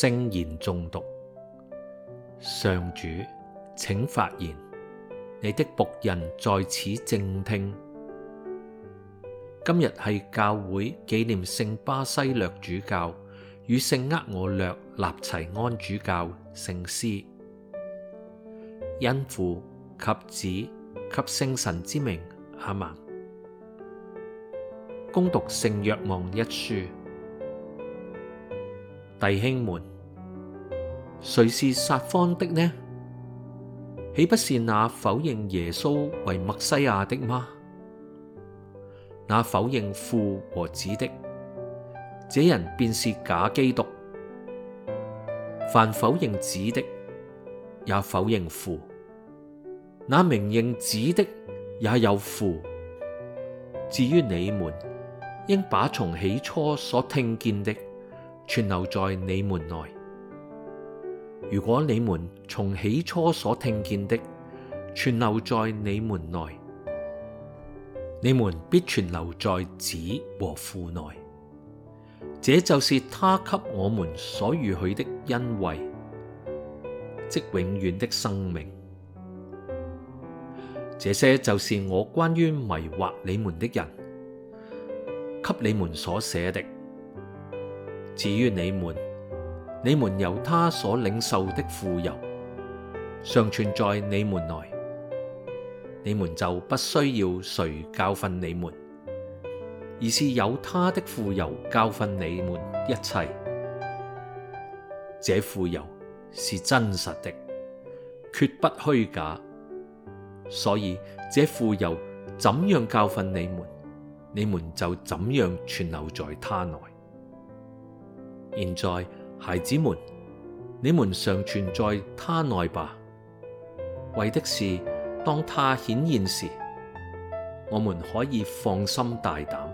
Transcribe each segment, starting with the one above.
聖言誦讀，上主，請發言，你的僕人在此靜聽。今日係教會紀念聖巴西略主教與聖額我略納齊安主教聖師，因父及子及聖神之名，阿門。恭讀《聖若望》一書，弟兄們。誰是撒謊的呢？豈不是那否認耶穌為默西亞的嗎？那否認父和子的，這人便是假基督。凡否認子的，也否認父；那明認子的，也有父。至於你們，應把從起初所聽見的，存留在你們內。如果你們從起初所聽見的，存留在你們內，你們必存留在子和父內。這就是他給我們所預許的恩惠，即永遠的生命。這些就是我關於迷惑你們的人給你們所寫的。至於你們，你們由他所領受的傅油，常存在你們內，你們就不需要誰教訓你們，而是由他的傅油教訓你們一切。這傅油是真實的，絕不虛假。所以這傅油怎樣教訓你們，你們就怎樣存留在他內。現在，孩子們，你們常存在他內吧，為的是當他顯現時，我們可以放心大膽，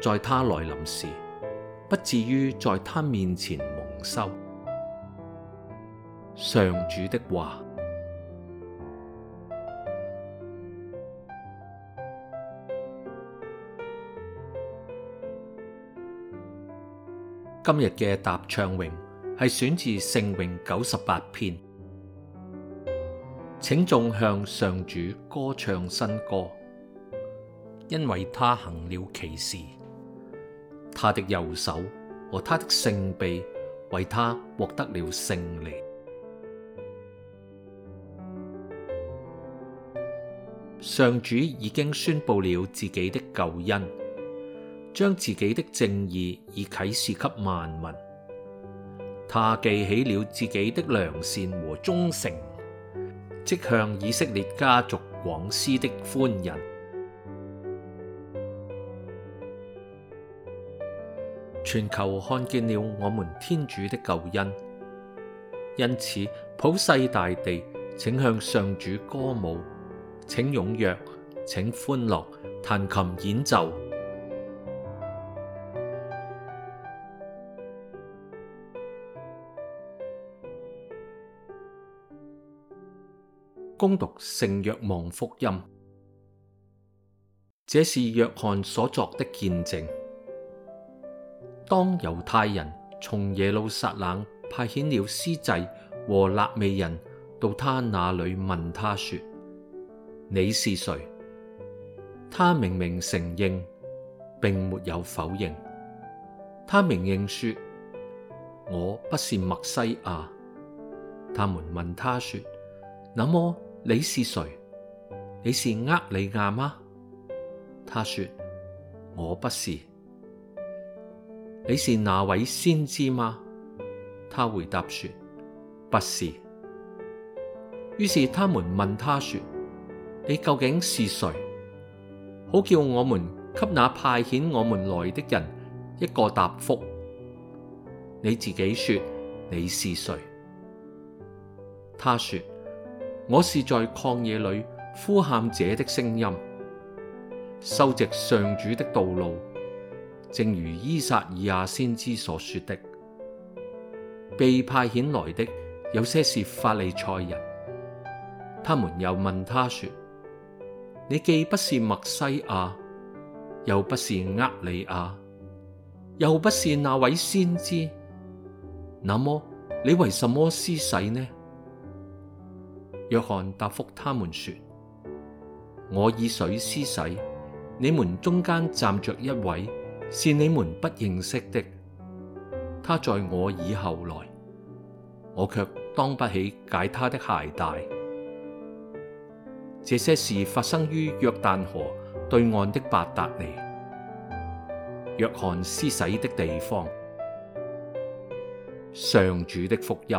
在他來臨時，不至於在他面前蒙羞。上主的話。今日嘅答唱詠係選自聖詠九十八篇，請眾向上主歌唱新歌，因為他行了奇事，他的右手和他的聖臂為他獲得了勝利。上主已經宣布了自己的救恩。將自己的正義已啟示給萬民，他記起了自己的良善和忠誠，即向以色列家族廣施的寬仁。全球看見了我們天主的救恩，因此普世大地，請向上主歌舞，請踴躍，請歡樂，彈琴演奏。恭讀聖若望福音，這是若翰所作的見證。當猶太人從耶路撒冷派遣了司祭和肋未人到他那裡，問他說：你是誰？他明明承認，並沒有否認。他明認說：我不是默西亞。他們問他說：那麼？你是誰？你是厄里亞嗎？他說：我不是。你是那位先知嗎？他回答說：不是。於是他們問他說：你究竟是誰？好叫我們給那派遣我們來的人一個答覆。你自己說你是誰？他說：我是在曠野裡呼喊者的聲音，修直上主的道路，正如依撒意亞先知所說的。被派遣來的有些是法利塞人，他們又問他說：你既不是默西亞，又不是厄里亞，又不是那位先知，那麼你為什麼施洗呢？若翰答覆他們說：我以水施洗，你們中間站着一位，是你們不認識的，他在我以後來，我卻當不起解他的鞋帶。這些事發生於約旦河對岸的伯達尼，若翰施洗的地方。上主的福音。